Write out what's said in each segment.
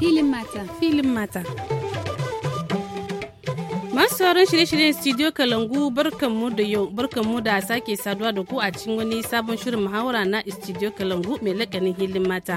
Filin mata. Filin mata. masu sauran shirye-shiryen studio kalangu barkanmu da yau barkanmu da sake saduwa da ku a cikin wani sabon shirin muhawara na studio kalangu mai lakanin hilin mata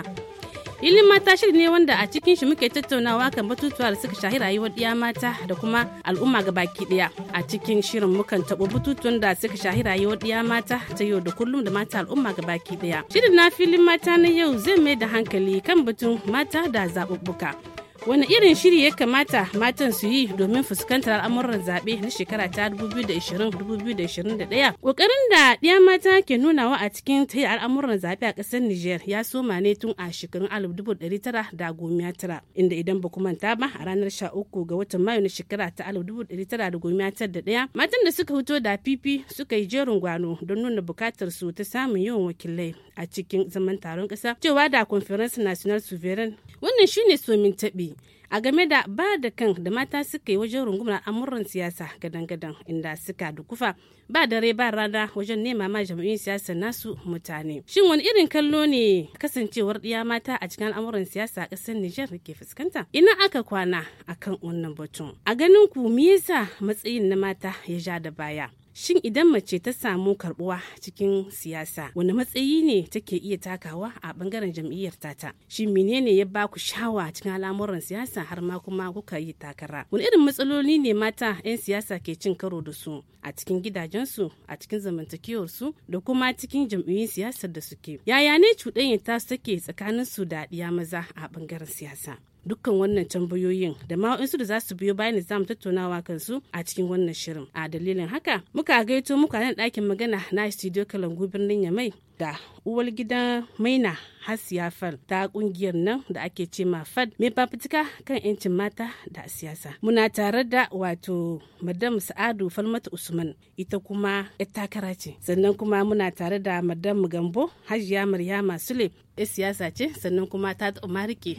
Ilin mata shiri ne wanda a cikin shi muke tattaunawa kan batutuwa da suka shahi rayuwar ɗiya mata da kuma al'umma ga baki ɗaya. A cikin shirin mukan taɓo batutuwan da suka shahi rayuwar ɗiya mata ta yau da kullum da mata al'umma ga baki ɗaya. Shirin na filin mata na yau zai mai da hankali kan batun mata da zaɓuɓɓuka. wani irin shiri ya kamata matan su yi domin fuskantar al'amuran zaɓe na shekara ta 2020-2021 ƙoƙarin da ɗiya mata ke nunawa a cikin ta yi al'amuran zaɓe a ƙasar niger ya soma ne tun a shekarun 1999 inda idan ba manta ba a ranar 13 ga watan mayu na shekara ta 1991 matan da suka fito da fifi suka yi jerin gwano don nuna bukatar su ta samun yawan wakilai a cikin zaman taron ƙasa cewa da conference national sovereign wannan shine somin taɓi a game da ba da kan da mata suka yi wajen rungumar amuran siyasa gadan-gadan inda suka dukufa ba dare ba rana wajen nema ma jami'in siyasa nasu mutane shin wani irin kallo ne kasancewar ɗiya mata a cikin al'amuran siyasa a ƙasar Nijar ke fuskanta ina aka kwana akan wannan batun a ganin ku me yasa matsayin na mata ya ja da baya Shin idan mace ta samu karbuwa cikin siyasa wani matsayi ne take iya takawa a bangaren jam'iyyar tata? Shin menene ya ba ku shawa cikin al'amuran siyasa har ma kuma kuka yi takara? Wani irin matsaloli ne mata 'yan siyasa ke cin karo da su a cikin gidajensu, a cikin zamantakewarsu da kuma cikin jam'iyyun siyasar da suke? Yaya ne cuɗanya ta take tsakanin su da ɗiya maza a bangaren siyasa? dukkan wannan tambayoyin da ma su da za su biyo bayan za mu tattaunawa kansu a cikin wannan shirin a dalilin haka muka gaito muka nan ɗakin magana na studio kalangu birnin yamai da uwar gida maina hasiya fal ta kungiyar nan da ake ce ma fad mai fafutuka kan yancin mata da siyasa muna tare da wato madam sa'adu falmata usman ita kuma yar takara ce sannan kuma muna tare da madam gambo hajiya maryama sule yar siyasa ce sannan kuma ta taɓa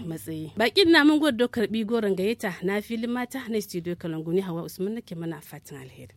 matsayi bakin na mun gwada karbi goron gayyata na filin mata na studio kalanguni hawa usman nake mana fatan alheri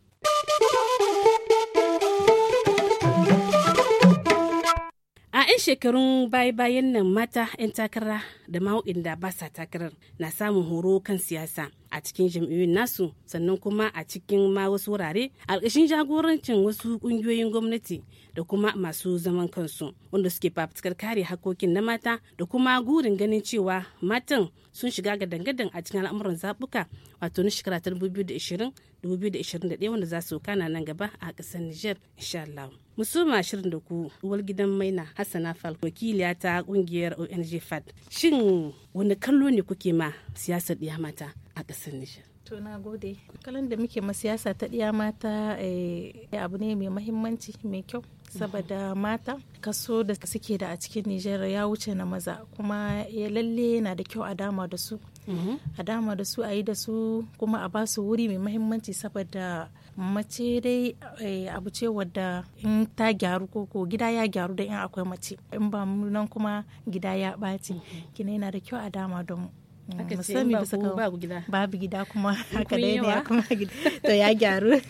'yan shekarun baya-bayan nan mata 'yan takara da ma da ba sa takarar na samun horo kan siyasa a cikin jam'iyyun nasu sannan kuma a cikin ma wasu wurare alkashin jagorancin wasu ƙungiyoyin gwamnati da kuma masu zaman kansu wanda suke fafutukar kare hakokin na mata da kuma gurin ganin cewa matan sun shiga ga dangadan a cikin al'amuran zabuka wato na shekara ta 2020-2021 wanda za su kana nan gaba a ƙasar Nijar insha Allah. musuma shirin da ku uwar gidan maina hassana falk wakiliya ta kungiyar ong fad shin wani kallo ne kuke ma siyasar ɗiya mata a ƙasar nijar to na gode kalan da muke ma siyasa ta ɗiya mata eh, abu ne mai mahimmanci mai kyau saboda mata kaso da suke da a cikin Nijar ya wuce na maza kuma ya lalle yana da kyau a dama da su mhm. a dama da su a yi da su kuma a ba su wuri mai mahimmanci saboda mace dai eh, abu ce wadda in ta gyaru ko gida ya gyaru da in akwai mace in ba mu nan kuma gida ya ɓaci mhm. kina yana da kyau a dama da mu aka ce ba ku ba gida babu gida kuma haka dai ne kuma gida to ya gyaru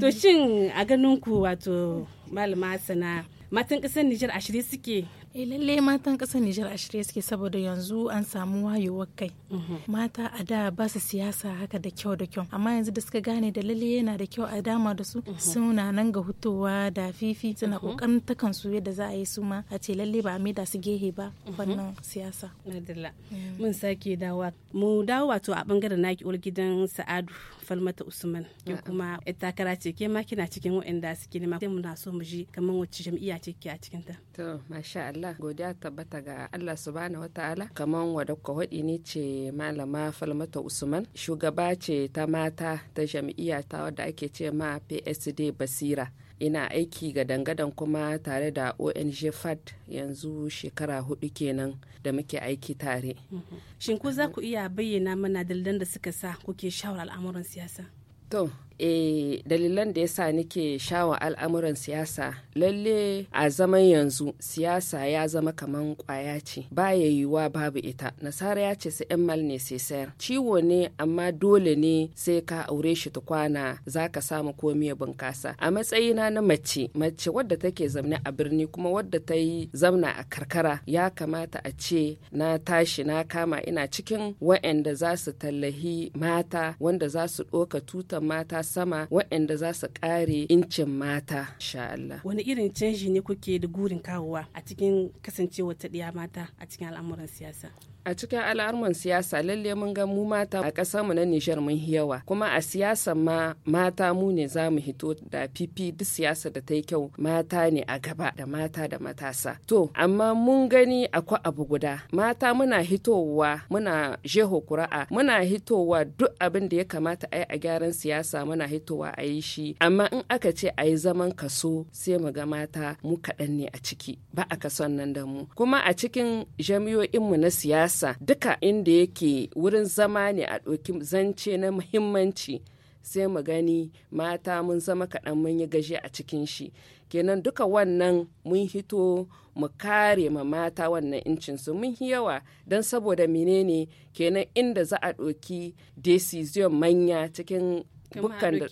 to shin a ganin ku wato malama sana matan kasar Nijar ashirin suke eh lalle matan ƙasar Nijar a shirye suke saboda yanzu an samu wayewar kai mhm. mata a da ba su siyasa haka da kyau da kyau amma yanzu da suka gane da lalle yana da kyau a dama da su mhm. suna nan ga hutowa da fifi suna kokarin mhm. ta kansu yadda za a yi su ma a ce lallai ba a da su gehe ba wannan siyasa mm. mun sake dawa mu dawo wato a bangaren naki ul gidan Sa'adu Falmata Usman ke kuma takara ce ke ma kina cikin waɗanda suke nema sai muna so mu ji kamar wacce jam'iyya ce ke a cikin ta to masha Allah Allah godiya tabbata ga Allah subhanahu wataala kaman wadda ka hudi ni ce malama Falmata Usman shugaba ce ta mata ta jam'iyya ta wadda ake ce ma PSD Basira ina aiki ga dangadan kuma tare da ONG FAD yanzu shekara hudu kenan da muke aiki tare. Mhm. Shin ku za ku iya bayyana mana dalilan da suka sa kuke shawar al'amuran siyasa? To, e dalilan da ya yasa nake shawa al'amuran siyasa lalle a zaman yanzu siyasa ya zama kaman kwaya ce ba ya yiwuwa babu ita nasara ya ce sai mal ne sai ciwo ne amma dole ne sai ka aure shi tukwana za ka samu komi ya bunkasa a matsayina na mace mace wadda take zamne a birni kuma wadda ta yi zamna a karkara ya kamata a ce na tashi na kama ina cikin wa'anda za su tallahi mata wanda za su ɗoka tutan mata sama waɗanda za su ƙare incin mata sha Allah. Wani irin canji ne kuke da gurin kawowa a cikin kasancewa ta ɗiya mata a cikin al'amuran siyasa? a cikin al'arman siyasa lalle mun ga mu mata a ƙasar mu na Nijar mun yawa kuma a siyasa ma mata mu ne za mu hito da fifi duk siyasa da ta yi kyau mata ne a gaba da mata da matasa to amma mun gani akwai abu guda mata muna hitowa muna jeho kura'a muna hitowa duk abin da ya kamata a yi a gyaran siyasa muna hitowa a yi shi amma in aka ce a yi zaman kaso sai mu ga mata mu kaɗan ne a ciki ba a kason nan da mu kuma a cikin jami'o'inmu na siyasa ƙasa duka inda yake wurin zama ne a ɗauki zance na muhimmanci sai mu gani mata mun zama kaɗan mun yi gaji a cikin shi kenan duka wannan mun hito mu kare ma mata wannan incinsu mun yi yawa don saboda menene kenan inda za a ɗoki decision manya cikin bukkan da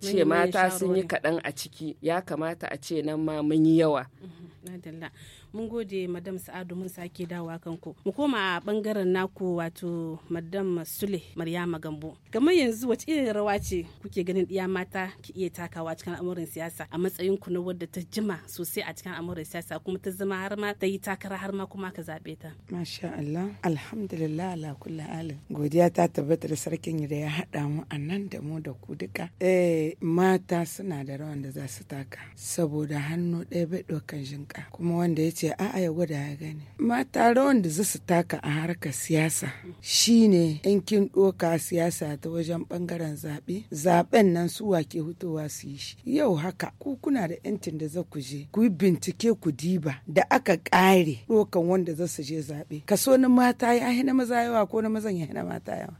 ce mata sun yi kaɗan a ciki ya kamata a ce nan ma mun yi yawa mhm. Nadalla. Mun gode Madam Sa'adu mun sake dawowa kanku. Mu koma a bangaren naku wato Madam Sule Maryama Gambo. Kamar yanzu wace irin rawa ce kuke ganin iya mata ki iya takawa cikin al'amuran siyasa a matsayin ku na wadda ta jima sosai a cikin al'amuran siyasa kuma ta zama har ma ta yi takara har ma kuma ka zabe ta. Masha Allah. Alhamdulillah ala kulli alin. Godiya ta tabbatar sarkin da ya haɗa mu a nan da mu da ku duka. Eh mata suna da rawan da za su taka saboda hannu ɗaya bai ɗaukan rinka kuma wanda ya ce a'a ya gwada ya gani mata rawan da zasu taka a harkar siyasa shine in kin doka siyasa ta wajen bangaren zaɓe zaɓen nan su wake hutowa su yi shi yau haka ku kuna da yancin da za ku je ku bincike ku diba da aka ƙare dokan wanda za su je zaɓe kaso na mata ya na maza yawa ko na mazan ya na mata yawa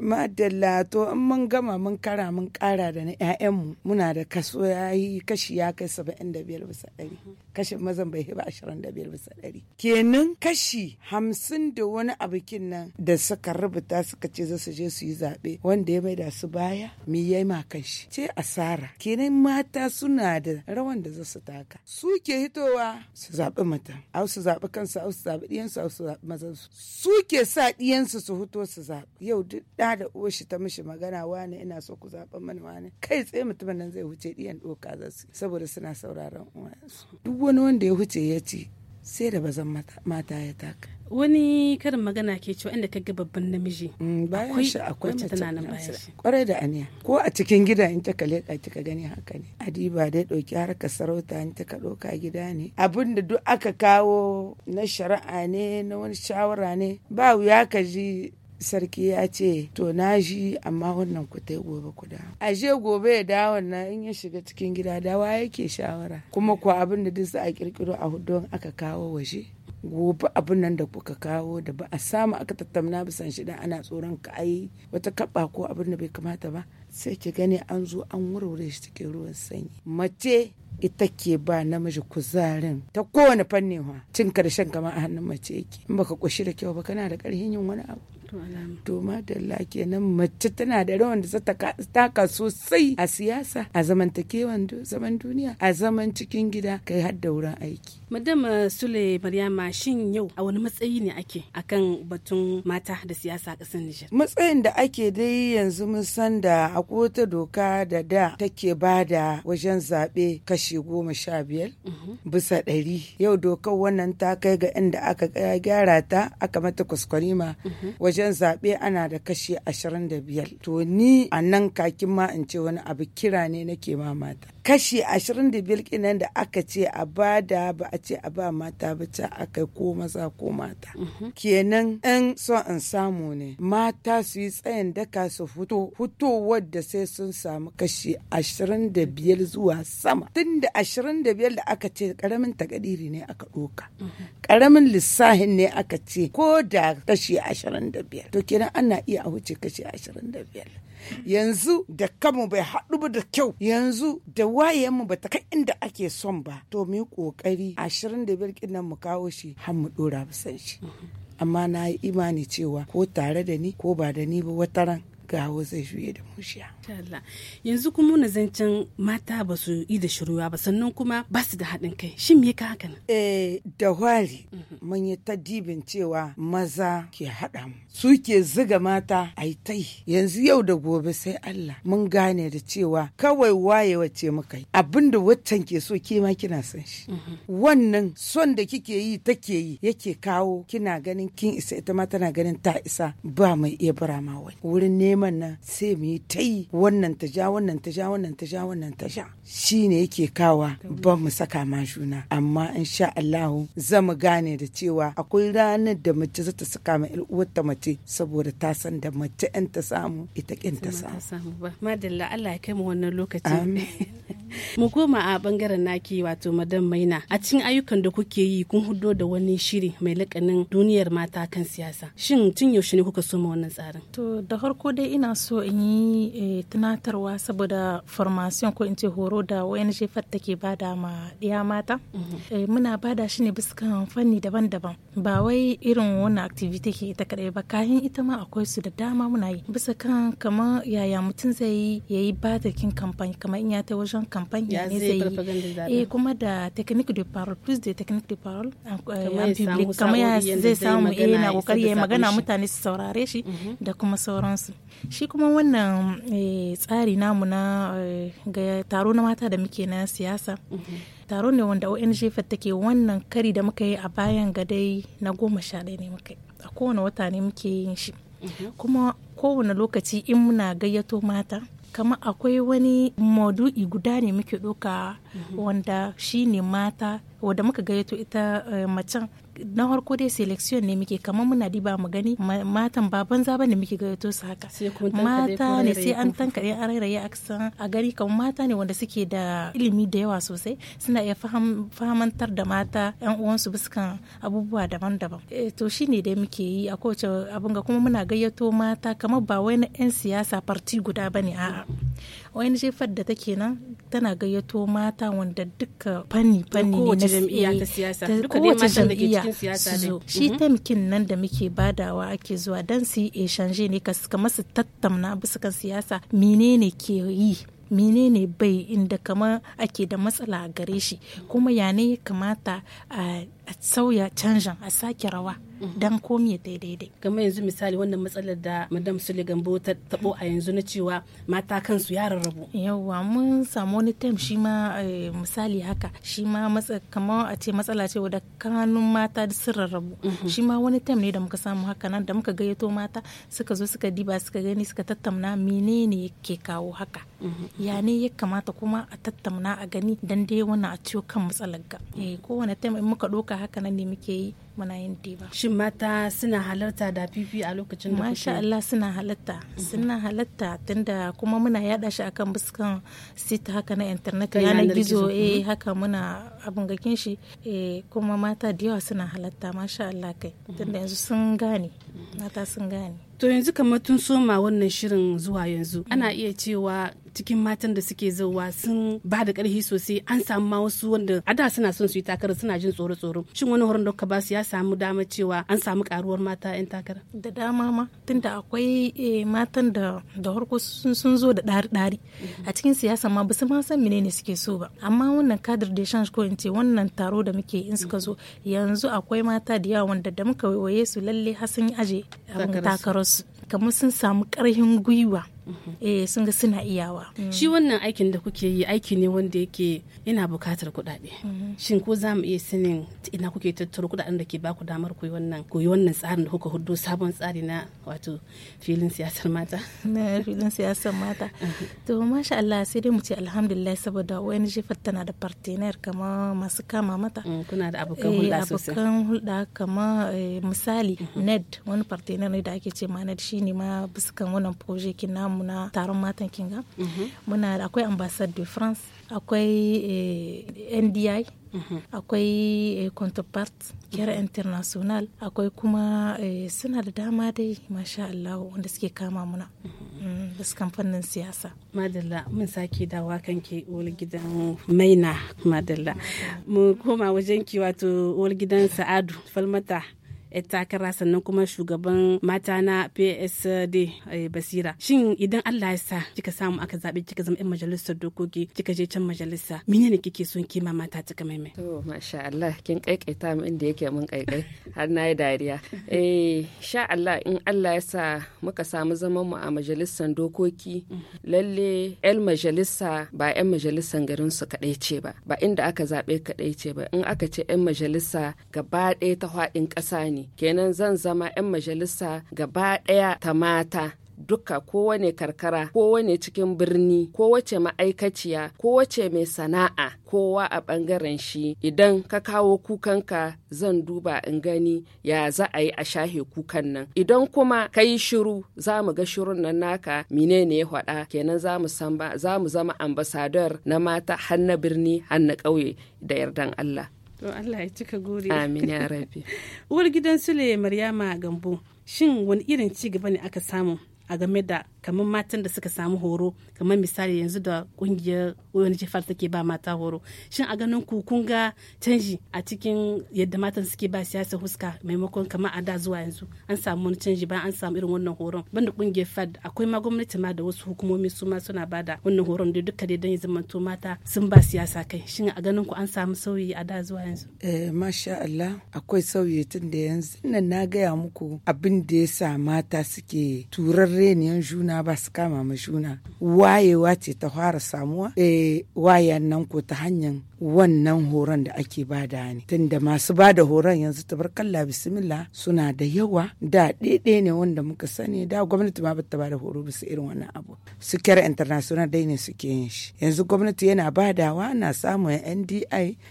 madalla to in mun gama mun kara mun ƙara da na 'ya'yanmu muna da kaso ya yi kashi ya kai saba'in da biyar bisa ɗari kashin mazan bai hiba 25 bisa ɗari kenan kashi hamsin da wani abokin nan da suka rubuta suka ce za su je su yi zaɓe wanda ya bai da su baya me ya ma kanshi ce asara kenan mata suna da rawan da za su taka su ke hitowa su zaɓi mata au su zaɓi kansu au su zaɓi ɗiyansu au su zaɓi mazan su Su ke sa ɗiyansu su hito su zaɓi yau duk ɗa da uwar ta mishi magana wane ina so ku zaɓi mana wane kai tsaye mutumin nan zai wuce ɗiyan ɗoka za su saboda suna sauraron uwansu duk wani wanda ya huce ya ci sai da bazan mata ya taka wani karin magana ke cewa inda ka ga babban namiji mm, bayan shi akwai mace nan shi kwarai da aniya ko a cikin gida in ta kale ka kika gani haka ne ba dai dauki ka sarauta in ta ka doka gida ne abin da duk aka kawo na shari'a ne na wani shawara ne ba wuya ka ji sarki ya ce to na ji amma wannan ku ta gobe ku da ashe gobe ya da na in ya shiga cikin gida dawa yake shawara kuma ko abin da duk za a kirkiro a hudon aka kawo waje gobe abin nan da kuka kawo da ba a samu aka tattauna bisan shi dan ana tsoron ka ai wata kaba ko abin da bai kamata ba sai ki gani an zo an wurwure shi cikin ruwan sanyi mace ita ke ba namiji kuzarin ta kowane fannin cin karshen kama a hannun mace yake in baka kushi da kyau ba kana da karhin yin wani abu to madalla kenan mace tana da rawan da zata taka sosai a siyasa a zamantakewan zaman duniya a zaman cikin gida kai har da wurin aiki madama uh, sule maryama shin yau a wani matsayi ne ake akan batun mata da siyasa a ƙasar nijar matsayin da ake dai yanzu mun san da akwai doka da da take bada wajen zaɓe kashi goma sha biyar mhm. bisa ɗari yau dokar wannan ta kai ga inda aka gyara ta aka mata kwaskwarima mhm. wajen wajen zaɓe ana da kashi ashirin da biyar to ni a nan kakin ma in ce wani abu kira ne nake mamata kashi ashirin 25 kinan da aka ce a bada ba a ce a ba mata ba ta aka ko maza ko mata mhm. kenan in so in samu ne mata su yi tsayin daka su fito fito da sai sun samu kashi ashirin da biyar zuwa sama tun da ashirin da biyar da aka ce karamin takadiri ne aka doka karamin mhm. lissahin ne aka ce ko da kashi ashirin da biyar. to kenan ana iya a wuce kashi ashirin da biyar. yanzu da kamu bai haɗu ba da kyau yanzu da wayenmu ba ta kai inda ake son ba to mu yi kokari ashirin da biyar nan mu kawo shi har mu dora bisan shi amma na yi imani cewa ko tare da ni ko ba da ni ba wataran gawo zai juye da mushiya. Yanzu kuma na zancen mata ba su yi da shiruwa ba sannan kuma ba su da haɗin kai. Shin me ka haka nan? Eh da wari mhm. mun yi ta dibin cewa maza ke haɗa mu. Su ke ziga mata a yi tai. Yanzu yau da gobe sai Allah mun gane da cewa kawai waye wace muka yi. Abin da waccan ke so ke ma kina son shi. Mhm. Wannan son da kike yi take yi yake kawo kina ganin kin isa ita ma tana ganin ta isa ba mai iya bara ma wani. Wurin neman hidiman nan sai mu yi ta yi wannan ta ja wannan ta ja wannan ta ja wannan ta sha shi ne yake kawa ban mu saka ma juna amma insha Allahu za mu gane da cewa akwai ranar da mace za ta saka ma uwarta mace saboda ta san da mace yan ta samu ita kin ta samu madalla Allah ya kai mu wannan lokaci mu koma a bangaren naki wato madam maina a cikin ayyukan da kuke yi kun hudo da wani shiri mai lakanin duniyar mata kan siyasa shin tun yaushe ne kuka soma wannan tsarin to da farko dai ina so in yi eh, tunatarwa saboda formation ko in ce horo da ONG fat take bada ma ɗiya mata. Mhm. Eh, muna bada shi ne kan fanni daban-daban. Ba wai irin wannan activity ke ita kaɗai ba kayan ita ma akwai su da dama muna yi. Bisa kan kamar yaya mutum zai yi ya yi badakin kampani kamar in ya ta wajen kampani. ne zai yi. Eh kuma da technique de parole plus de technique de parole eh, en public kamar ya zai samu eh na kokari ya magana mutane su saurare shi mhm. da kuma sauransu. shi kuma wannan eh, tsari namu na eh, ga taro na mata da muke na siyasa mm-hmm. taro ne wanda ong fet take wannan kari da muka yi a bayan gadai na goma sha ɗaya ne muka yi a kowane wata ne muke yin shi mm-hmm. kuma kowane lokaci in muna gayyato mata kama akwai wani maudu'i guda ne muke ɗauka mm-hmm. wanda shi ne mata wadda muka gayyato ita eh, macen na farko dai selection ne muke kamar muna ba mu gani matan ba banza bane muke gayyato su haka mata ne sai an tankare an rairaye a a gari kamar mata ne wanda suke da ilimi da yawa sosai suna iya fahimtar da mata yan uwansu biskan abubuwa daban-daban eh, to shine dai muke yi a kowace abin ga kuma muna gayyato mata kamar ba wai na yan siyasa parti guda bane a'a ONG fad da take nan tana gayyato mata wanda duka fanni fanni ne na jam'iyya ta siyasa duka dai matan da ke cikin siyasa ne shi mhm. nan da muke badawa ake zuwa dan su yi ne ne suka masu tattauna bisa kan siyasa menene ke yi menene bai inda kama ake da matsala a gare shi kuma ya ne kamata a a sauya canjin a sake rawa mhm. don komi ya daidai kama yanzu misali wannan matsalar da madam suligan ta tabo a yanzu na cewa mata kansu ya rarrabu yawwa mun samu wani tem shi ma eh, misali haka shi ma kamar a ce matsala ce wadda kanun mata sun rarrabu mhm. shi ma wani tem ne da muka samu haka nan da muka gayyato mata suka zo suka diba suka gani suka tattauna menene yake kawo haka mhm. ya ne ya kamata kuma a tattauna a gani dan dai a ciwo kan matsalar ga eh, kowane tem in muka doka duka haka nan ne muke yi muna yin diba shin mata suna halarta da fifi a lokacin da masha Allah suna halarta mhm. suna halarta tunda kuma muna yada shi akan buskan sita haka na internet yanar gizo eh mhm. haka muna abun gakin shi eh kuma mata da yawa suna halarta masha Allah kai mhm. tunda yanzu sun gane mata sun gane to yanzu kamar tun soma wannan shirin zuwa yanzu ana iya cewa cikin matan da suke zauwa sun ba da ƙarfi sosai an samu ma wasu wanda a da suna son su yi takara suna jin tsoro tsoro shin wani horon da ba su ya samu dama cewa an samu karuwar mata yan takara da dama ma tunda akwai eh, matan da da harko sun zo da ɗari ɗari mhm. a cikin siyasa ma ba su ma san menene suke so ba amma wannan kadir da shan ko in ce wannan taro da muke in suka zo mhm. yanzu akwai mata da yawa wanda da muka waye su lalle har sun aje abin takararsu kamar sun samu ƙarfin gwiwa eh sun ga suna iyawa mm. shi wannan aikin da kuke yi aiki ne wanda yake yana bukatar kuɗaɗe mm-hmm. shin ko za mu iya sanin ina kuke tattaro kuɗaɗen da ke ba ku damar koyi wannan koyi wannan tsarin da kuka hudu sabon tsari na wato filin siyasar mata na filin siyasar mata mm-hmm. to masha Allah sai dai mu ce alhamdulillah saboda wani jifar tana da partner kama masu kama mata mm, kuna da abokan eh, hulɗa sosai abokan hulɗa kama eh, misali mm-hmm. ned wani partner ne da ake ce ma ned shine ma kan wannan project namu mu na taron matan kinga mhm. muna akwai ambassade de france akwai eh, ndi mhm. akwai eh, counterpart kera mhm. international akwai kuma eh, suna da dama dai masha Allah wanda suke kama muna mm, da su kamfanin siyasa madalla mun sake dawa kanki wani gidan maina madalla mu koma wajen ki wato wani gidan sa'adu falmata 'yan takara sannan kuma shugaban mata na psd eh, basira shin idan allah ya sa kika samu aka zaɓe kika zama 'yan majalisar dokoki kika je can majalisa menene kike son kima mata ta kama mai to masha allah kin kaikaita min inda yake mun kaikai har na yi dariya eh sha allah in allah ya sa muka samu zaman mu a majalisar dokoki lalle 'yan majalisa ba 'yan majalisar garin su ce ba ba inda aka zaɓe kadai ce ba in aka ce 'yan majalisa gaba ɗaya ta haɗin ƙasa ne ne kenan zan zama 'yan majalisa gaba ɗaya ta mata duka kowane karkara kowane cikin birni kowace ma'aikaciya kowace mai sana'a kowa a ɓangaren shi idan ka kawo kukanka zan duba in gani ya za a yi a shahe kukan nan idan kuma ka yi shiru za mu ga shirun nan naka mine ne ya faɗa kenan za mu zama ambasador na mata har birni har na ƙauye da yardan Allah To Allah ya cika gori. Amin ya rabi. Uwar gidan Sule Maryama Gambo, shin wani irin ci gaba ne aka samu a game da kamar matan da suka samu horo kamar misali yanzu da kungiyar wani jefar take ba mata horo shin a ganin ku kun ga canji a cikin yadda matan suke ba siyasa huska maimakon kamar a da zuwa yanzu an samu wani canji bayan an samu irin wannan horon banda kungiyar fad akwai ma gwamnati ma da wasu hukumomi su ma suna bada wannan horon da duka dai don ya zamanto mata sun ba siyasa kai shin a ganin ku an samu sauyi a da zuwa yanzu eh masha Allah akwai sauyi tun da yanzu nan na gaya muku abin da ya sa mata suke turarreniyar juna juna ba su kama ma juna wayewa ce ta fara samuwa eh wayan nan ko ta hanyar wannan horon da ake bada ne tunda masu bada horon yanzu tabarkalla bismillah suna da yawa da ɗaiɗai ne wanda muka sani da gwamnati ma bata bada horo bisa irin wannan abu su kyar international dai ne suke yin shi yanzu gwamnati yana badawa na samun ndi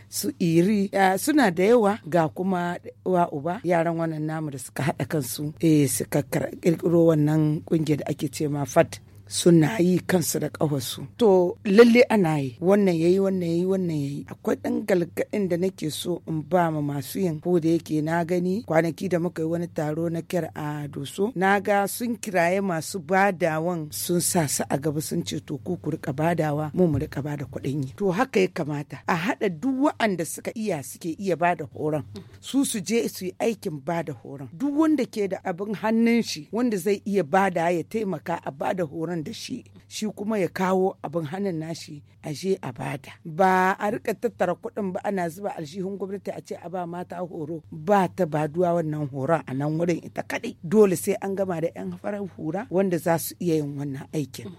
su iri e suna da yawa ga kuma wa uba yaran wannan namu da suka haɗa kansu eh suka kirkiro wannan kungiyar da ake ce ma fat suna yi kansu da ƙawarsu to lalle ana yi wannan yayi wannan yayi wannan yayi akwai ɗan galgaɗin da nake so in ba ma masu yin ko da yake na gani kwanaki da muka yi wani taro na kyar a doso na ga sun kiraye masu badawan sun sa su a gaba sun ce to ku ku rika badawa mu mu rika bada kuɗin yi to haka ya kamata a haɗa duk waɗanda suka iya suke iya bada horon su su je su yi aikin bada horon duk wanda ke da abin hannun shi wanda zai iya bada ya taimaka a bada horon da shi shi kuma ya kawo abin hannun nashi a je a bada ba a rika tattara kuɗin ba ana zuba alshihun gwamnati a ce a ba mata horo ba ta baduwa wannan horon a nan wurin ita kaɗai dole sai an gama da yan farar hura wanda za su iya yin wannan aikin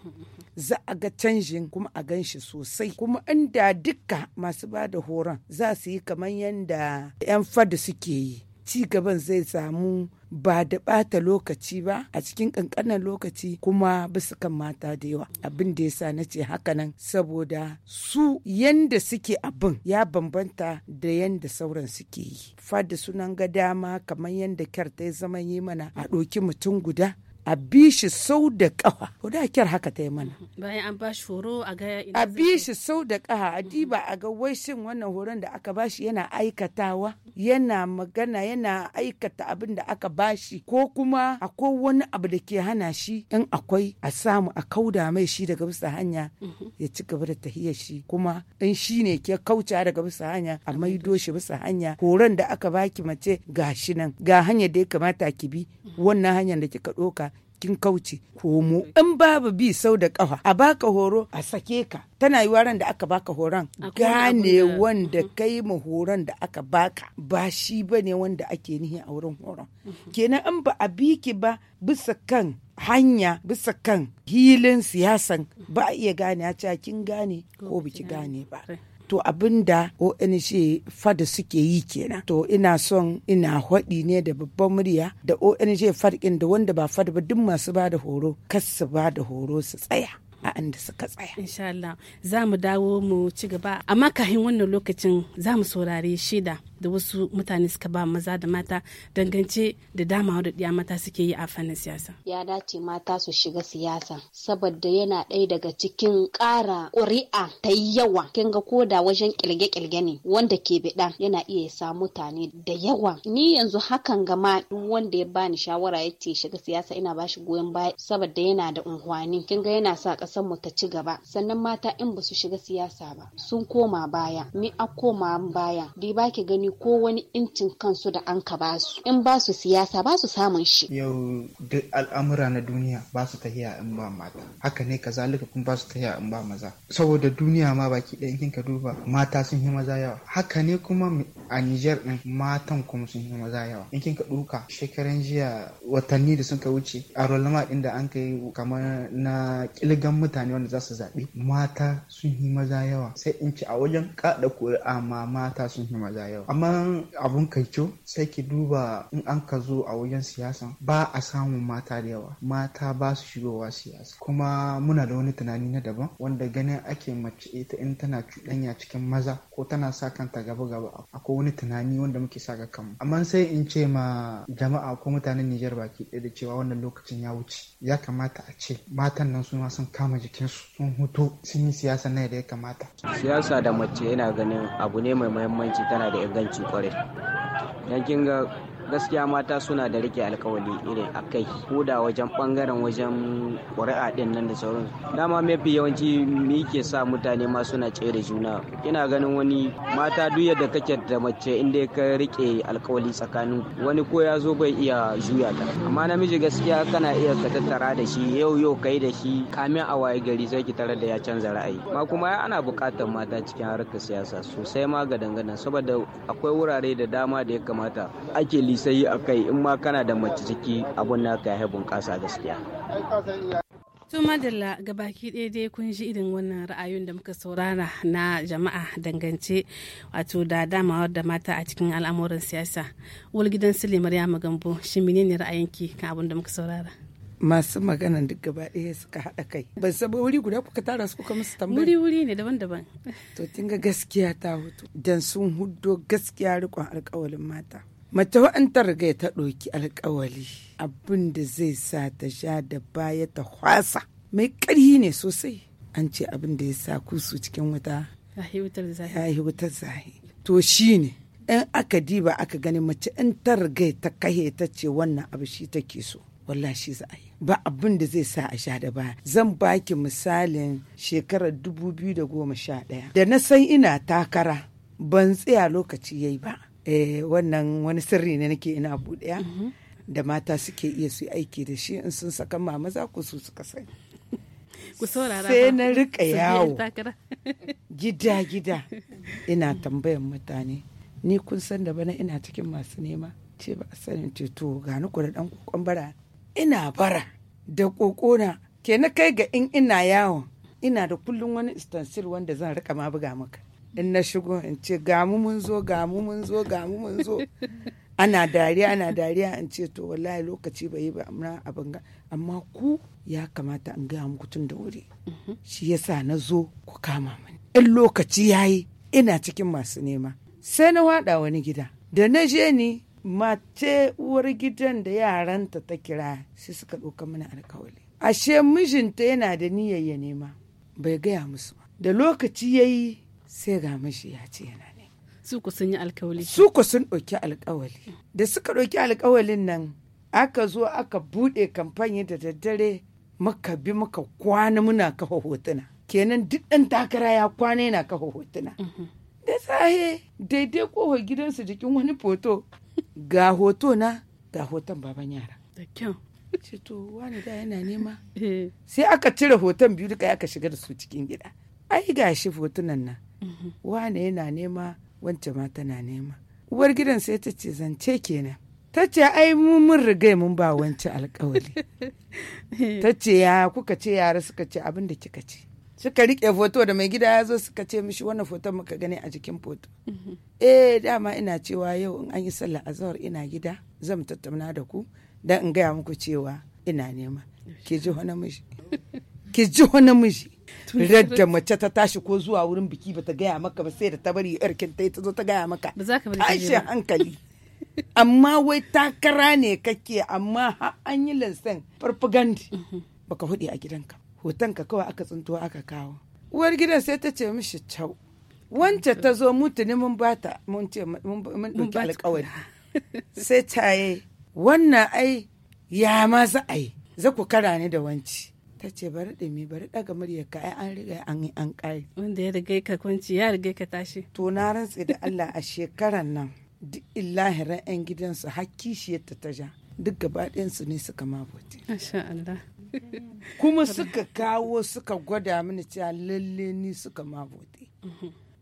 za a ga canjin kuma a gan shi sosai kuma inda dukka masu ba da horon za su yi kamar yadda yan fada suke yi ci gaban zai samu ba da ɓata lokaci ba a cikin ƙanƙanin lokaci kuma bisa kan mata da yawa abin da ya sa na ce hakanan saboda su yanda suke abin ya bambanta da yanda sauran suke yi fada sunan ga dama kamar yanda kyar ta zama yi mana a ɗoki mutum guda a bi sau da ƙafa ko da kyar haka ta yi mana bayan an ba horo a ga a bi sau da ƙafa a diba a ga wai shin wannan horon da aka ba shi yana aikatawa yana magana yana aikata abin da aka bashi ko kuma akwai wani abu da ke hana shi in akwai a samu a kauda mai shi daga bisa hanya mhm. ya ci gaba da tahiyar shi kuma in shi ne ke kauca daga bisa hanya a maido shi bisa hanya horon da aka baki mace ga shi nan ga hanyar da ya kamata ki bi mhm. wannan hanyar da kika ɗoka kin kauci komo in babu bi sau da kafa a baka horo a sake ka tana yi waran da aka baka horon gane wanda mhm. kai ma horon da aka baka ba shi ba ne wanda ake nihi a wurin horon mhm. kenan in ba a bi ki ba bisa kan hanya bisa kan hilin siyasan ba a iya gane a kin gane ko biki gane ba to abin da ONG fada suke yi kenan to ina son ina haɗi ne da babban murya da ONG fadin da wanda ba fada ba duk masu ba da horo kas su ba da horo su tsaya a inda suka tsaya. Insha Allah za mu dawo mu ci gaba amma kafin wannan lokacin za mu saurari shida da wasu mutane suka ba maza da mata dangance da dama da ɗiya mata suke yi a fannin siyasa. Ya dace mata su shiga siyasa saboda yana ɗaya daga cikin ƙara ƙuri'a ta yi yawa kin ga da wajen ƙirge-ƙirge ne wanda ke biɗa yana iya sa mutane da yawa. Ni yanzu hakan gama duk wanda ya bani shawara ya ce shiga siyasa ina bashi goyon baya saboda yana da unhwani kin ga yana sa ƙasa ƙasar mu ta ci gaba sannan mata in ba su shiga siyasa ba sun koma baya ni a koma baya dai ba ki gani ko wani incin kansu da an ka basu in ba su siyasa ba su samun shi yau duk al'amura na duniya ba su tahiya in ba mata haka ne kazalika kun ba su tahiya in ba maza saboda duniya ma baki ɗayan kin ka duba mata sun yi maza yawa haka ne kuma a Nijar din matan kuma sun yi maza yawa in kin ka duka shekaran jiya watanni da sun ka wuce a rolama ɗin da an kai kamar na kilgan mutane wanda za su zaɓi mata sun yi maza yawa sai in ci a wajen kaɗa ƙuri'a ma mata sun yi maza yawa amma abun kaico sai ki duba in an ka zo a wajen siyasa ba a samun mata da yawa mata ba su shigowa siyasa kuma muna da wani tunani na daban wanda ganin ake mace ita in tana cuɗanya cikin maza ko tana sa kanta gaba gaba akwai wani tunani wanda muke sa ga kanmu amma sai in ce ma jama'a ko mutanen Nijar baki ɗaya da cewa wannan lokacin ya wuce ya kamata a ce matan nan su ma sun kama kama jikin sun hutu sun yi siyasa na da ya kamata. Siyasa da mace yana ganin abu ne mai mahimmanci tana da inganci kwarai. Yankin ga gaskiya mata suna da rike alkawali irin a kai ko da wajen bangaren wajen ƙuri'a din nan da sauran dama mafi yawanci mi ke sa mutane ma suna tsere juna ina ganin wani mata duk yadda kake da mace inda ka rike alkawali tsakanin wani ko ya zo bai iya juya ta amma namiji gaskiya kana iya ka tattara da shi yau yau kai da shi kamin a waye gari sai ki tare da ya canza ra'ayi ma kuma ya ana buƙatar mata cikin harkar siyasa sosai ma ga dangana saboda akwai wurare da dama da ya kamata ake lisa tausayi a kai in ma kana da mace ciki abun ka ya bunƙasa gaskiya to madalla baki ɗaya dai kun ji irin wannan ra'ayoyin da muka saurara na jama'a dangance wato da damawar da mata a cikin al'amuran siyasa wal gidan sule maryama gambo shi menene ra'ayinki kan abun da muka saurara masu magana duk gaba ɗaya suka haɗa kai ban saba wuri guda kuka tara su kuka musu tambaya wuri wuri ne daban-daban to tinga gaskiya ta hutu dan sun huddo gaskiya rikon alƙawalin mata mace wa'antar riga ta ɗauki alkawali abin da zai sa ta sha da baya ta kwasa mai ƙarhi ne sosai an ce abin da ya sa kusu cikin wuta ya yi wutar zahi to shi ne ‘yan aka diba aka gani mace in ta riga ta kahe ta ce wannan abu shi take so wallahi shi za a yi ba abin da zai sa a sha da baya zan baki misalin shekarar 2011 da na san ina takara ban tsaya lokaci yayi ba eh, wannan wani sirri ne nake ina abu daya mm -hmm. da mata suke iya su aiki da shi in sun saka ma maza ku su suka sani sai na rika yawo gida gida ina tambayan mutane ni kun san da bana ina cikin masu nema ce ba a sanin ceto ga ni da dan kokon bara ina bara da kokona ke na kai ga in ina yawon ina da kullum wani istansil wanda zan rika ma buga maka in na shigo in ce gamu mun zo gamu mun zo gamu mun zo ana dariya ana dariya in ce to wallahi lokaci bai yi ba amma abin amma ku ya kamata in gaya muku tun da wuri mhm. shi yasa na zo ku kama mani in lokaci ya yi ina cikin masu nema sai na wada wani gida da na je ni mace uwar gidan da yaranta ta kira sai suka ɗauka mana alkawali ashe mijinta yana da niyyar ya nema bai gaya musu ba da lokaci ya yi sai ga mishi ya ce yana ne su ku sun yi alkawali su ku sun ɗauki alkawali da suka ɗauki alkawalin nan aka zo aka buɗe kamfani da daddare muka bi muka kwana muna kafa hotuna kenan duk ɗan takara ya kwana yana kafa hotuna mhm. da sahe daidai kowa gidansu jikin wani foto ga hoto na ga hoton baban yara da kyau to wani da yana nema eh. sai aka cire hoton biyu duka aka shiga da su cikin gida ai gashi fotunan nan mhm. wane yana nema wance ma tana nema uwar gidan sai ta ce zance kenan ta ce ai mu mun riga mun ba wance alkawali ta ce ya kuka ce yara suka ce abin da kika ce suka rike foto da mai gida ya zo suka ce mishi wannan foton muka gani a jikin foto mhm. eh dama ina cewa yau in an yi sallah azhar ina gida zan tattauna da ku dan in gaya muku cewa ina nema ki ji wani mishi ki ji wani mishi da mace ta tashi ko zuwa wurin biki ba ta gaya maka ba sai da ta bari yarkin ta zo ta gaya maka Ba za ka tashin hankali amma wai takara ne kake amma ha an yi lansan farfagandi baka hude a gidanka Hoton ka kawai aka tsinto aka kawo uwar gidan sai ta ce mishi cau wance ta zo ne mun bata mun ce mun ɗauki alkawari sai yi wannan ai ya ma za a yi za ku kara ni da wanci ta ce bari ɗumi bari ɗaga muryar ka ai an riga an yi an ƙari. wanda ya riga ka kwanci ya riga ka tashi. to na rantsi da Allah a shekaran nan duk illahiran 'yan gidansu har kishiyarta ta ja duk gaba su ne suka mabote. Allah. kuma suka kawo suka gwada mini cewa lalle ni suka mabote.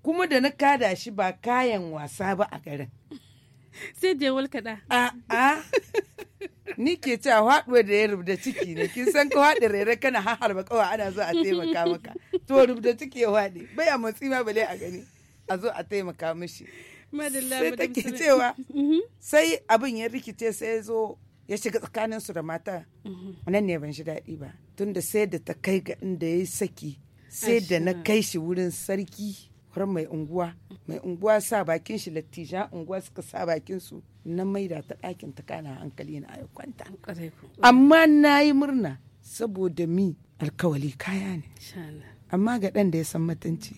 kuma da na kada shi ba kayan wasa ba a garin. sai je da. A'a. ni ke cewa haɗuwa da ya rubuta ciki ne kin san ka haɗe rere kana harba kawa ana zo a taimaka maka to rubuta ciki ya haɗe bai a matsi ma bale a gani a zo a taimaka mishi sai ke cewa mm-hmm. sai abin ya rikice sai zo ya shiga tsakanin su da mata mm-hmm. nan ne ban shi daɗi ba tunda sai da ta kai ga inda ya saki sai da na kai shi wurin sarki wurin mai unguwa mai unguwa sa bakin shi lattijan unguwa suka sa bakin su na maida ta ɗakin ta kana hankali na ayi kwanta amma na yi murna saboda mi alkawali kaya ne amma ga ɗan da ya san matanci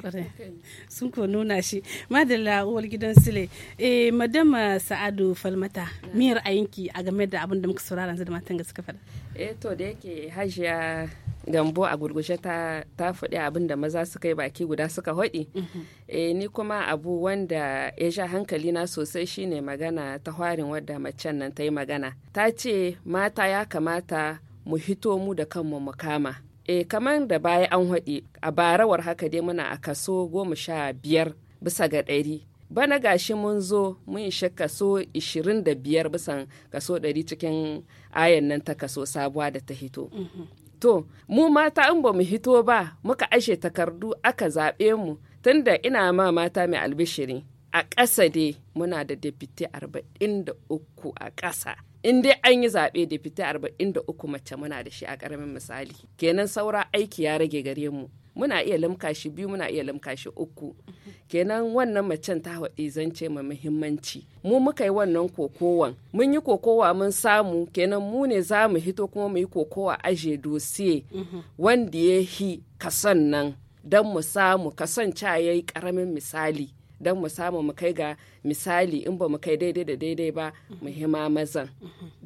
sun ko nuna shi madalla uwar gidan sile eh madama sa'adu falmata miyar ayinki a game da abin da muka saurara yanzu da matan ga suka faɗa. eh to da yake hajiya gambo a gurgushe ta, ta faɗi abin da maza suka yi baki guda suka haɗi mhm. e, eh, ni kuma abu wanda ya sha hankali na sosai shine magana ta harin wadda macen nan ta yi magana ta ce mata ya kamata mu hito mu da kanmu mu kama e, kamar da baya an haɗi a barawar haka dai muna a kaso goma sha biyar bisa ga ɗari bana gashi mun zo mun ishe kaso ishirin da biyar bisan kaso ɗari cikin ayan nan ta kaso sabuwa da ta hito mhm. to mu mata in ba mu hito ba muka ashe takardu aka zaɓe mu tunda ina ma mata mai albishiri a ƙasa dai muna da deputy 43 a ƙasa in dai an yi zaɓe da 43 mace muna da shi a ƙaramin misali kenan saura aiki ya rage gare mu muna iya lamka shi biyu muna iya lamka shi uku kenan wannan macen ta haɗe zance mai muhimmanci mu muka yi wannan kokowan mun yi kokowa mun samu kenan mu ne za mu hito kuma mu yi kokowa aje dosiye wanda ya hi kasan nan don mu samu kason ca ya yi ƙaramin misali don mu samu mu kai ga misali in ba mu kai daidai da daidai ba mu hima mazan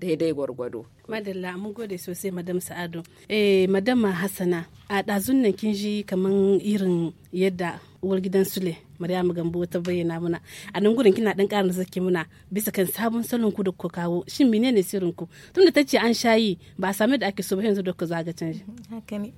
daidai gwargwado. madalla mun gode sosai madam sa'adu eh madam hassana a ɗazun nan kin ji kaman irin yadda uwar gidan sule maryamu gambo ta bayyana muna a nan gurin kina dan karin zaki muna bisa kan sabon salon ku da ku kawo shin menene sirrin ku tunda ta ce an shayi ba a sami da ake so ba yanzu da ku zaga canji haka ne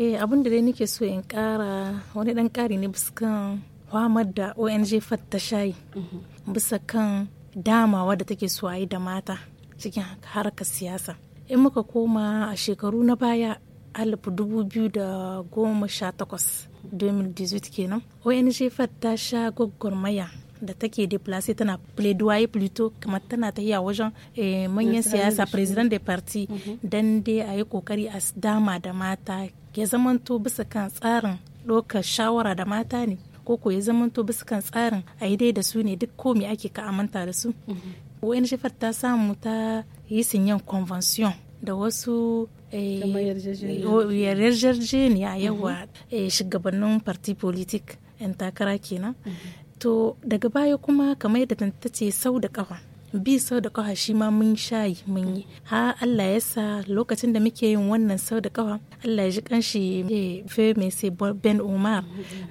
eh abin da dai nake so in kara wani dan kari ne bisa kan famar da ong fatta shayi mhm. bisa kan damawa da take so ayi da mata cikin harkar siyasa in muka koma a shekaru na baya alif dubu biyu da goma sha takwas 2018 kenan ong fatta sha maya da take deplace tana plaidoyer pluto kamar tana tahiya wajen eh, manyan siyasa president de parti mhm. dan dai a yi kokari a dama da mata ya zamanto bisa kan tsarin ɗaukar shawara da mata ne ko ko ya zamanto bisa kan tsarin a yi dai da su ne duk komi ake ka amanta da su mhm. wani shafar ta samu ta yi sinyan convention da wasu eh, yarjejeniya mhm. yawa eh, shugabannin party politik. 'yan takara kenan mhm. to daga baya kuma kamar yadda ta ce sau da kafa bi sau da kawa shi ma mun sha yi mun yi ha Allah ya sa lokacin da muke yin wannan sau da kawa Allah ya ji kanshi fe mai sai Ben Umar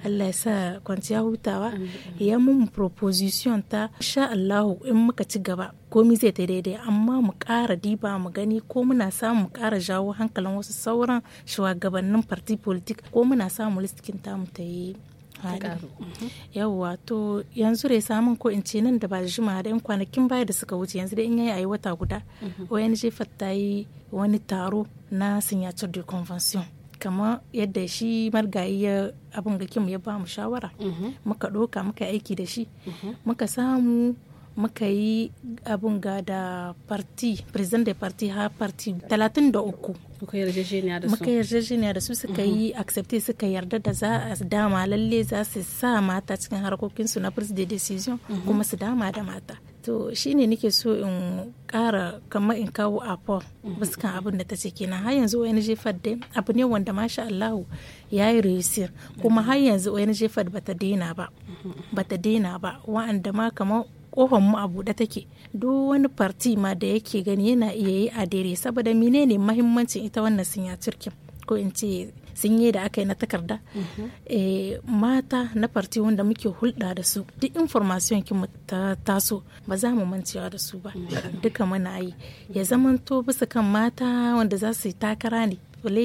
Allah ya sa kwanciya hutawa ya mun proposition ta sha Allah in muka ci gaba komi zai ta daidai amma mu ƙara diba mu gani ko muna samu mu ƙara jawo hankalin wasu sauran shugabannin party politics ko muna samu listikin tamu ta yi Mhm. yawwa to yanzu dai samun ko in ce nan da ba da da yan kwanakin baya da suka wuce yanzu dai in yayi ayi wata guda mhm. ong fatta yi wani taro na signature de convention kamar yadda shi margayi ya abin ga kim ya ba mu shawara mhm. muka ɗoka muka aiki da shi muka samu muka yi abun ga da parti president da parti ha parti 33 muka yarjejeniya da su suka yi mhm. accepte suka yarda da za a dama lalle za su sa mata cikin harkokinsu na prise de decision mhm. kuma su dama da mata to shine nake so in kara kama in kawo a paul mhm. buskan abin da ta ce kenan har yanzu ONG FAD dai abu ne wanda masha Allahu ya yi reusir kuma har yanzu ONG FAD daina ba ta daina ba wa'anda ma kamar kofan mu a buɗe take duk wani farti ma da yake gani yana iya yi a dare saboda menene mahimmancin ita wannan sinyacirkin ko in ce sinye da aka yi na takarda mhm. eh, mata na farti wanda muke hulɗa da su duk information kin ta taso ba za mu mancewa da su ba mhm. duka mana yi ya zamanto bisa kan mata wanda za su yi takara ne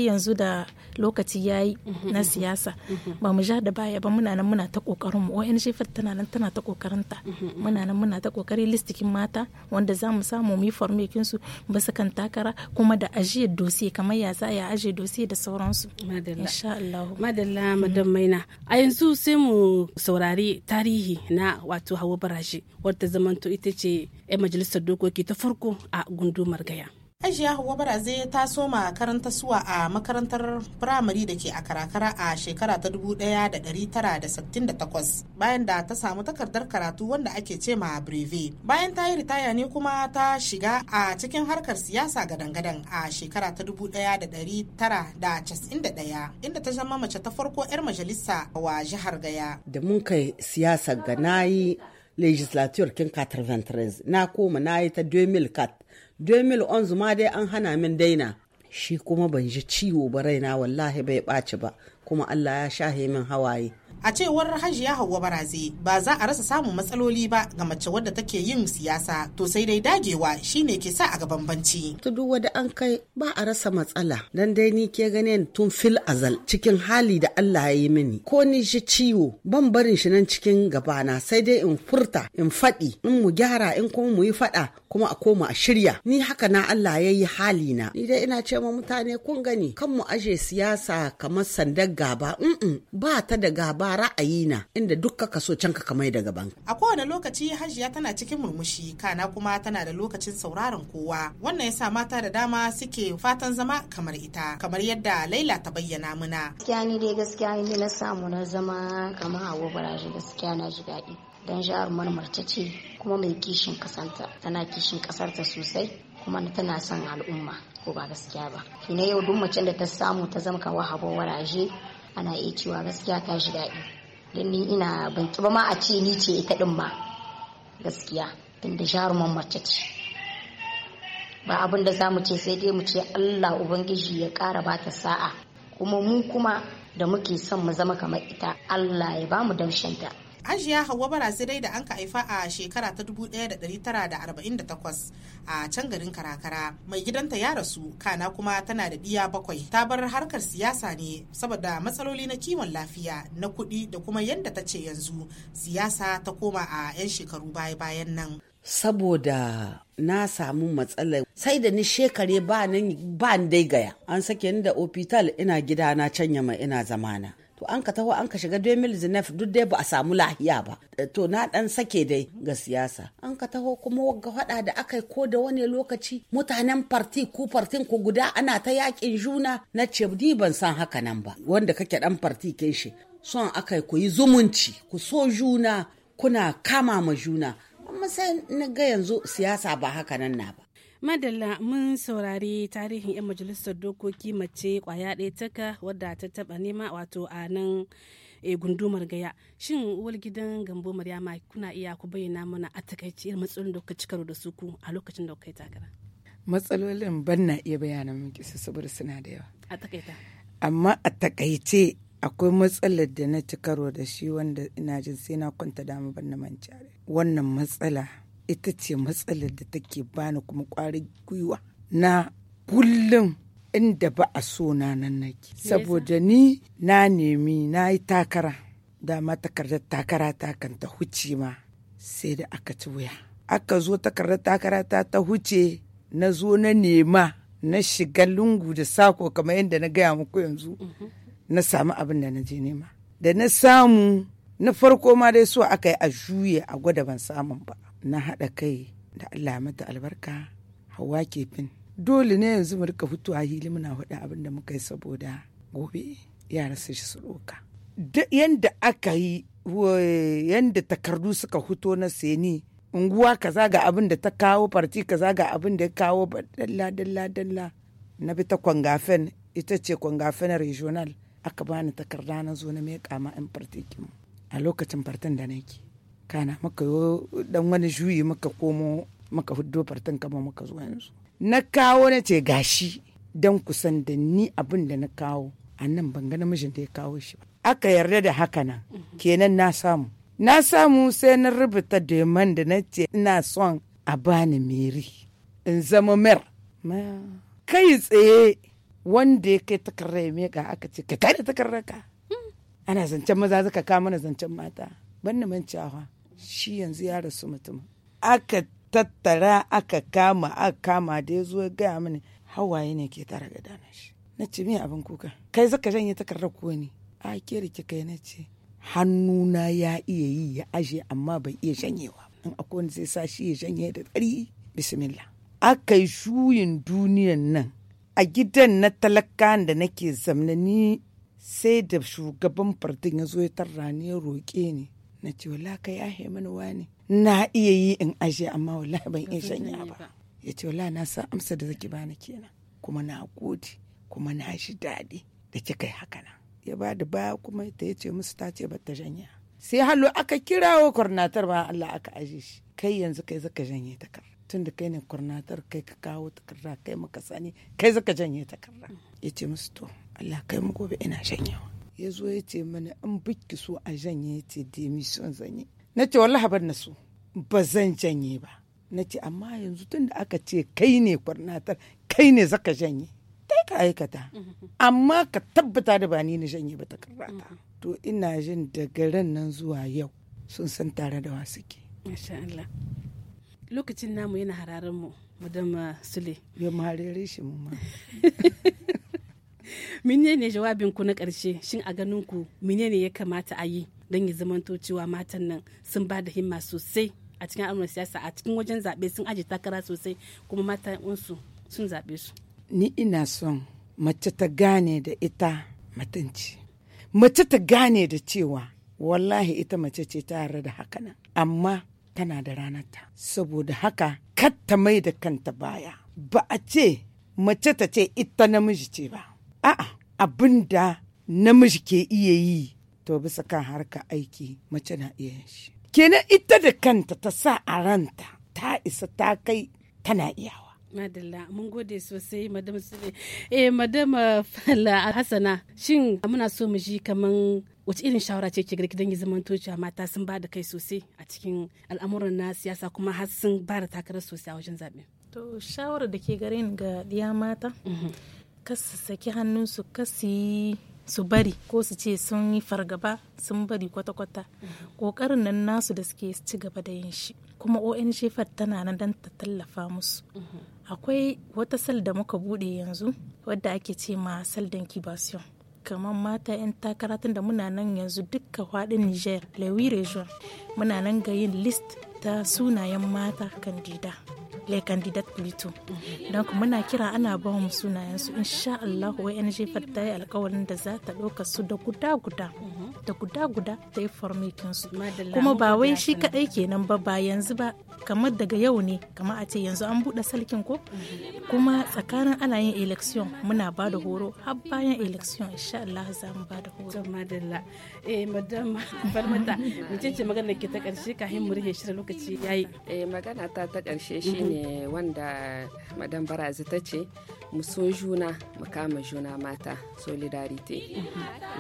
yanzu da lokaci ya yi mhm, na mhm, siyasa mhm. ba mu ja da baya ba muna nan muna ta kokarin mu ONG tana nan tana ta kokarin ta muna nan muna ta kokari listikin mata wanda za mu samu mu yi formakin su kan takara kuma da ajiye dosiye kamar ya za ya ajiye dosiye da sauransu insha Allah madalla madam maina a yanzu sai mu saurari tarihi na wato hawa barashi wadda zamanto ita ce 'yan majalisar dokoki ta farko a gundumar gaya Ajiya Hauwa Baraze ta soma karanta suwa a makarantar firamare da ke a karakara a shekara ta 1968 bayan da ta samu takardar karatu wanda ake ce ma breve. Bayan ta yi ritaya ne kuma ta shiga a cikin harkar siyasa gadan-gadan a shekara ta 1991 inda ta zama mace ta farko 'yar majalisa wa jihar Gaya. Da mun kai siyasa ga na yi legislature kin na koma na yi ta 2004 2011 ma dai an hana min daina shi kuma ban ji ciwo ba raina wallahi bai ɓaci ba kuma Allah ya shahe min hawaye a cewar hajiya hauwa baraze ba za a rasa samun matsaloli ba ga mace wadda take yin siyasa to sai dai dagewa shine ke sa a ga bambanci ta duk wanda an kai ba a rasa matsala dan dai ni ke ganin tun fil azal cikin hali da Allah ya yi mini ko ni shi ciwo ban barin shi nan cikin gaba na sai dai in furta in faɗi in mu gyara in kuma mu yi faɗa kuma a koma a shirya ni haka na Allah ya yi hali na ni dai ina ce ma mutane kun gani kan mu aje siyasa kamar sandar gaba ba ta da gaba a ra'ayi na inda duk ka so can ka mai da gaban a kowane lokaci hajiya tana cikin murmushi kana kuma tana da lokacin sauraron kowa wannan ya sa mata da dama suke fatan zama kamar ita kamar yadda laila ta bayyana muna gaskiya ni dai gaskiya ni na samu na zama kamar hawa baraji gaskiya na ji daɗi dan jihar marmarta ce kuma mai kishin kasanta tana kishin kasarta sosai kuma tana son al'umma ko ba gaskiya ba Fina yau duk macen da ta samu ta zama kawo habo waraje ana iya cewa gaskiya ta shi daɗi don ni ina ban ba ma a ce ni ce ita ɗin ma gaskiya tunda jaruman mace ce ba abin da za mu ce sai dai mu ce allah ubangiji ya ƙara ba ta sa'a kuma mu kuma da muke son mu zama kamar ita allah ya ba mu damshanta Ajiya Hauwa dai da an ka haifa a shekara ta 1948 a can garin Karakara. Mai gidanta ya rasu kana kuma tana da biya bakwai. Ta bar harkar siyasa ne saboda matsaloli na kiwon lafiya na kuɗi da kuma yadda ta ce yanzu siyasa ta koma a 'yan shekaru baya-bayan nan. Saboda na samu matsala sai da ni shekare ba nan ba dai gaya an sake ni da opital ina gidana canya ma ina zamana to an ka taho an ka shiga 2019 duk dai ba a samu lahiya ba eh, to na dan sake dai ga siyasa an ka taho kuma ga hada da aka ko da wani lokaci mutanen parti ku partin ku guda ana ta yakin juna na ce ni ban san haka nan ba wanda kake dan parti kin shi son aka yi ku yi zumunci ku so juna kuna kama ma juna amma sai na ga yanzu siyasa ba haka nan na ba madalla mun saurari tarihin 'yan majalisar dokoki mace kwaya ɗaya taka wadda ta taba nema wato a nan e, gundumar gaya shin uwar gidan gambo maryama kuna iya ku bayyana mana a takaici irin matsalolin da kuka ci karo da su ku a lokacin da kuka yi takara matsalolin ban na iya bayyana min su saboda suna da yawa a takaita amma a takaice akwai matsalar da na ci karo da shi wanda ina jin sai na kwanta dama ban na manci wannan matsala ita ce matsalar da take bani kuma kwarin gwiwa na kullum inda ba a so na nan nake saboda ni na nemi na yi takara dama takardar takara ta kan ta huce ma sai da aka ci wuya aka zo takardar takara ta ta huce na zo na nema na shiga lungu da sako kamar yadda na gaya muku yanzu mm-hmm. na samu abin da na je nema da na samu na farko ma dai so aka yi a juye a gwada ban samun ba na haɗa kai da Allah mata albarka hawa kefin dole ne yanzu mu rika fitowa hili muna faɗin abin da muka yi saboda gobe yara su shi su ɗoka yanda aka yi yanda takardu suka fito na seni unguwa kaza ga abin da ta kawo farti kaza ga abin da ya kawo dalla dalla dalla na bi ta kwangafen ita ce kwangafen regional aka bani takarda na zo na mai kama in farti a lokacin fartin da nake kana maka yi dan wani juyi maka komo maka huddo fartan kama maka zo yanzu na kawo na ce gashi Dan kusan da ni abin da na kawo a nan ban ga namijin da ya kawo shi ba aka yarda da haka nan kenan na samu na samu sai na rubuta domin da na ce ina son a bani meri in zama mer kai tsaye wanda ya kai takarar ya meka aka ce ka kai da takarar ka hmm. ana zancen maza suka kama mana zancen mata ban na mancawa shi yanzu ya rasu mutum aka tattara aka kama aka kama da ya zo ya gaya mini hawaye ne ke tara ga dana shi na ce mi abin kuka kai zaka janye takardar ko ni. a ke rike kai na ce hannuna ya iya yi ya aje amma bai iya janyewa in akwai wani zai sa shi ya janye da tsari bismillah aka yi shuyin duniyan nan a gidan na talaka da nake zamna ni sai da shugaban fardin ya zo ya tarra ne ya roƙe ni na ce wala kai ahe mani wani na iya yi in aje amma wallahi ban iya shanya ba ya ce wala na san amsa da zaki bani kenan kuma na gode kuma na shi daɗi da kika yi haka nan ya ba da baya kuma ta ya ce musu ta ce ba ta janya sai hallo aka kirawo kwarnatar ba Allah aka aje shi kai yanzu kai zaka janye kar tun da kai ne kwarnatar kai ka kawo takarda kai maka sani kai zaka janye takarda ya ce musu to Allah kai mu gobe ina janyawa ya zo ya ce mana an biki so a janye ya ce demission zanye na ce wallahi bar na so ba zan janye ba na ce amma yanzu tun da aka ce kai ne kwarnatar kai ne zaka janye yi ka aikata amma ka tabbata da ba ni na janye ba ta karrata mm-hmm. to ina jin daga ran nan zuwa yau sun san tare da wasu ke lokacin namu yana hararin mu madama sule ya harare shi mu ma menene jawabin ku na ƙarshe shin a ganin ku menene ya kamata a yi don ya zamanto cewa matan nan sun ba da himma sosai a cikin al'amuran siyasa a cikin wajen zaɓe sun ajiye takara sosai kuma mata su sun zaɓe su. Ni ina son mace ta gane da ita matanci. Mace ta gane da cewa wallahi ita mace ce ta yarda da haka nan amma tana da ranarta saboda haka kar ta mai da kanta baya ba a ce mace ta ce ita namiji ce ba a'a abin da namiji ke iya yi to bisa kan harka aiki mace na iya yin shi kenan ita da kanta ta sa a ranta ta isa ta kai tana iyawa madalla mun gode sosai madam sule eh madam eh, fala Hassana, shin muna so mu ji kaman wace irin shawara ce ke ga gidan zaman tocewa mata sun ba da kai sosai a cikin al'amuran na siyasa kuma har sun ba da takarar sosai a wajen zaɓe to shawara da ke gare ni ga diya mata mhm. kasu saki hannunsu kasi su bari ko su ce sun yi fargaba sun bari kwata-kwata ƙoƙarin nan nasu da suke ci gaba da yin shi kuma ong fat tana na don ta tallafa musu akwai wata sal da muka bude yanzu wadda ake ce ma sal da kibasiyon kamar mata 'yan takara tun da muna nan yanzu dukka faɗin niger lewi region muna nan ga yin list ta sunayen mata kandida le candidats plutôt donc muna kira ana ba mu sunayen su insha Allah ta yi alkawarin da za ta ɗauka su da guda guda ta guda-guda ta yi forme kansu kuma ba wai shi kadai kenan ba ba yanzu ba kamar daga yau ne kamar a ce yanzu an buɗe salkin ko kuma tsakanin ana yin election muna ba da horo har bayan election insha Allah za mu ba da horo to madalla eh madam farmata mace ce magana ke ta karshe kafin mu rihe shirin lokaci yayi eh magana ta ta karshe shine mhm. wanda madam barazi ta ce mu so juna mu kama juna mata solidarity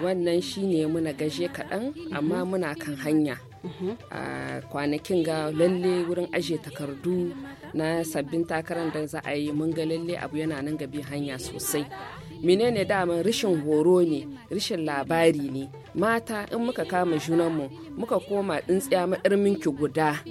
wannan shine muna gaje kaɗan amma muna kan hanya a kwanakin ga lalle wurin ajiye takardu na sabbin takarar da za a yi mun ga lalle abu yana nan gabi hanya sosai menene dama rishin horo ne rishin labari ne mata in muka kama junanmu muka koma tsintsiya maɗarminki guda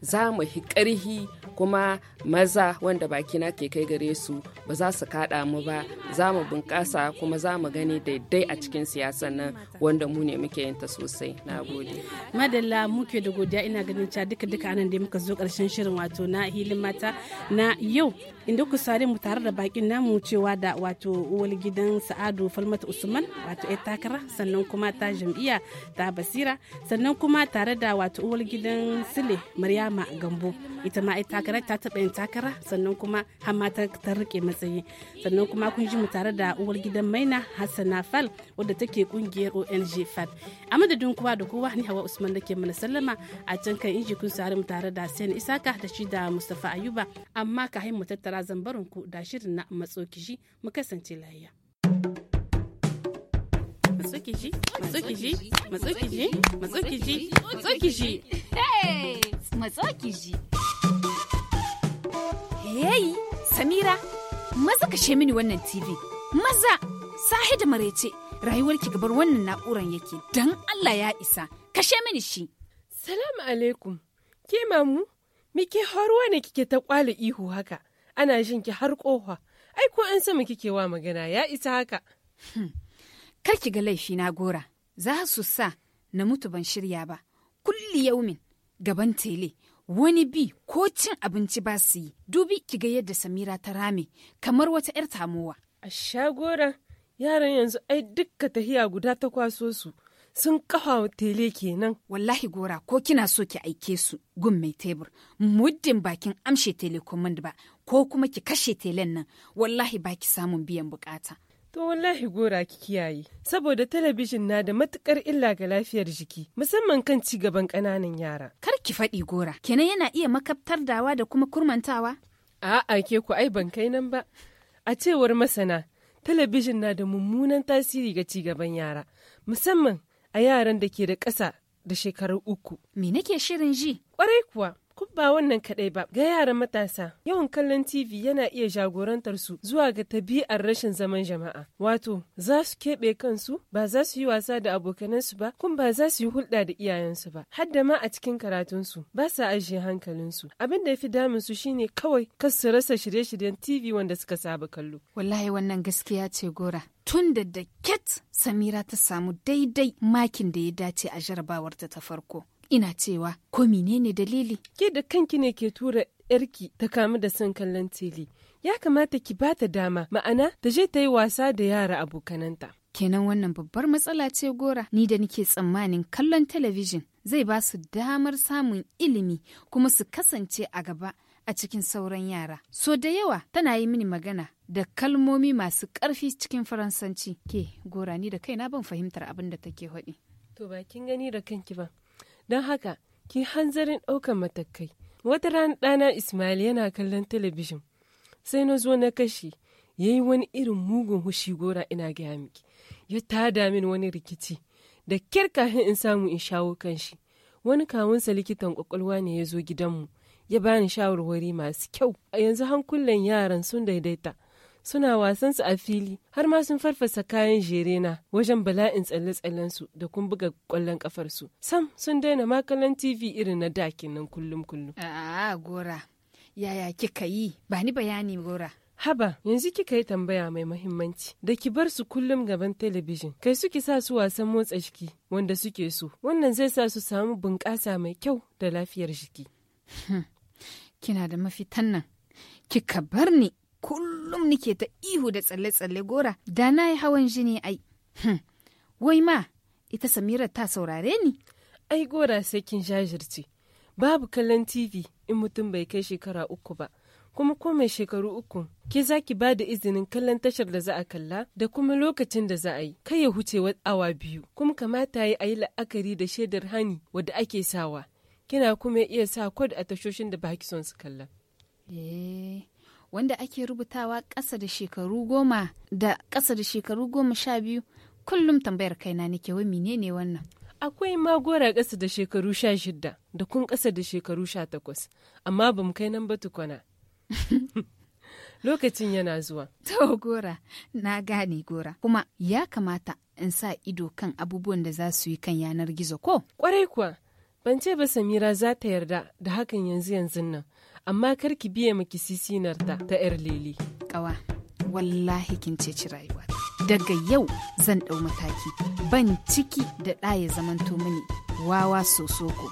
za mu hi ƙarhi kuma maza wanda bakina ke kai gare su ba za su kaɗa mu ba za mu bunƙasa kuma za mu gani daidai a cikin siyasar nan wanda mu ne muke yin ta sosai na gode madalla muke da godiya ina ganin ca duka duka anan da muka zo ƙarshen shirin wato na hilin mata na yau inda ku sare mu tare da bakin namu cewa da wato uwal gidan sa'adu falmata usman wato ya takara sannan kuma ta jam'iyya ta basira sannan kuma tare da wato uwar gidan sile maryama gambo ita ma yar shekarar ta taɓa yin takara sannan kuma hamma ta rike matsayi sannan kuma kun ji mu tare da uwar gidan maina hassana fal wadda take kungiyar ong fal a madadin kowa da kowa ni hawa usman da ke mana sallama a can kan inji kun sare mu tare da sen isaka da shi da mustafa ayuba amma ka mu tattara zambarin ku da shirin na matso kishi mu kasance lafiya. matsukiji matsukiji matsukiji matsukiji matsukiji matsukiji Yayi, Samira, maza kashe mini wannan TV. Maza, sahi da marece, ki gabar wannan na'uran yake, don Allah ya isa, kashe mini shi. Salamu alaikum, ke mamu, me ke ne kike ta kwala ihu haka, ana jin ki har kowa. ai ko an sama kike wa magana ya isa haka. Hmm. Kar ki ga laifi na gora, za su sa na mutu ban shirya ba, kulli yaumin gaban tele. wani bi ko cin abinci ba su yi dubi ga yadda samira ta rame kamar wata 'yar tamowa a shagora yaran yanzu ai dukka tahiya guda ta kwaso su sun kafa tele kenan wallahi gora ko kina so ki aike su gun mai tebur muddin bakin amshe tele ba ko kuma ki kashe telen nan wallahi baki samun biyan bukata To wallahi gora ki kiyaye, saboda talabijin na da matukar illa ga lafiyar jiki, musamman kan ci gaban ƙananan yara. Kar ki faɗi gora, kenan yana iya makabtar dawa da kuma kurmantawa? A'a ke ku ai ban kai nan ba. A cewar masana, talabijin na da mummunan tasiri ga ci gaban yara, musamman a yaran da ke da ƙasa da shekaru uku. Me nake shirin ji? Ƙwarai kuwa, Kun ba wannan kaɗai ba ga yaran matasa yawan kallon TV yana iya jagorantar su zuwa ga tabi'ar rashin zaman jama'a. Wato za su keɓe kansu ba za su yi wasa da abokanansu ba kun ba za su yi hulɗa da iyayensu ba. Har da ma a cikin karatunsu ba sa ajiye hankalinsu. Abin da ya fi damun su shine kawai kar su rasa shirye-shiryen TV wanda suka saba kallo. Wallahi wannan gaskiya ce gora. tun da da Samira ta samu daidai makin da ya dace a jarabawarta ta farko. ina cewa ko menene dalili ke da kanki ne ke tura yarki ta kamu da son kallon tele ya kamata ki bata dama ma'ana ta je ta yi wasa da yara abokananta kenan wannan babbar matsala ce gora ni da nike tsammanin kallon talabijin zai ba su damar samun ilimi kuma su kasance a gaba a cikin sauran yara so da yawa tana yi mini magana da kalmomi masu karfi cikin faransanci ke gora ni da kaina ban fahimtar abin da take haɗi to ba kin gani da kanki ba Don haka, ki hanzarin ɗaukan matakai. Wata rana ɗana Ismail yana kallon talabijin, sai na zo na kashe, ya yi wani irin mugun hushi gora ina gaya miki. Ya tada min wani rikici, da kirkahin kafin in samu in shawo kan shi. Wani kawunsa likitan kwakwalwa ne ya zo gidanmu, ya bani shawarwari masu kyau. A yanzu hankulan yaran sun daidaita. suna wasansu a fili har ma sun farfasa kayan jerena wajen bala'in tsalle-tsallensu da kun buga kwallon kafarsu sam sun daina makalan tv irin na dakin nan kullum kullum a'a gora yaya kika yi ba ni bayani gora Haba, yanzu kika yi tambaya mai mahimmanci, da ki bar su kullum gaban talabijin, kai suke sa su wasan motsa jiki wanda suke so, wannan zai sa su samu bunƙasa mai kyau da lafiyar jiki. Hm, kina da mafitan nan, kika bar ni kullum nike ta ihu da tsalle-tsalle gora da na yi hawan jini ai. Hmm. Wai ma, ita Samira ta saurare ni? Ai gora sai kin jajirce, babu kallon TV in mutum bai kai shekara uku ba, kuma ko mai shekaru uku, ki za ki ba da izinin kallon tashar da za a kalla da kuma lokacin da za a yi, kai ya huce awa biyu, kuma kamata ya yi la'akari da shaidar hani wadda ake sawa. Kina kuma iya sa kod a tashoshin da baki son su kalla. Eh. wanda ake rubutawa ƙasa da shekaru goma da ƙasa da shekaru goma sha biyu kullum tambayar kaina nake wai menene wannan akwai magora ƙasa da shekaru sha shida da kun ƙasa da shekaru sha takwas amma ba mu kai nan ba tukuna lokacin yana zuwa to gora na gane gora kuma ya kamata in sa ido kan abubuwan da za su yi kan yanar gizo ko kwarai kuwa ban ce ba samira za ta yarda da hakan yanzu yanzu nan amma kar ki biye maki sisinarta ta 'yar lele. Kawa, wallahi kin ceci rayuwa. Daga yau zan ɗau mataki, ban ciki da ɗaya zamanto mini wawa soso ko.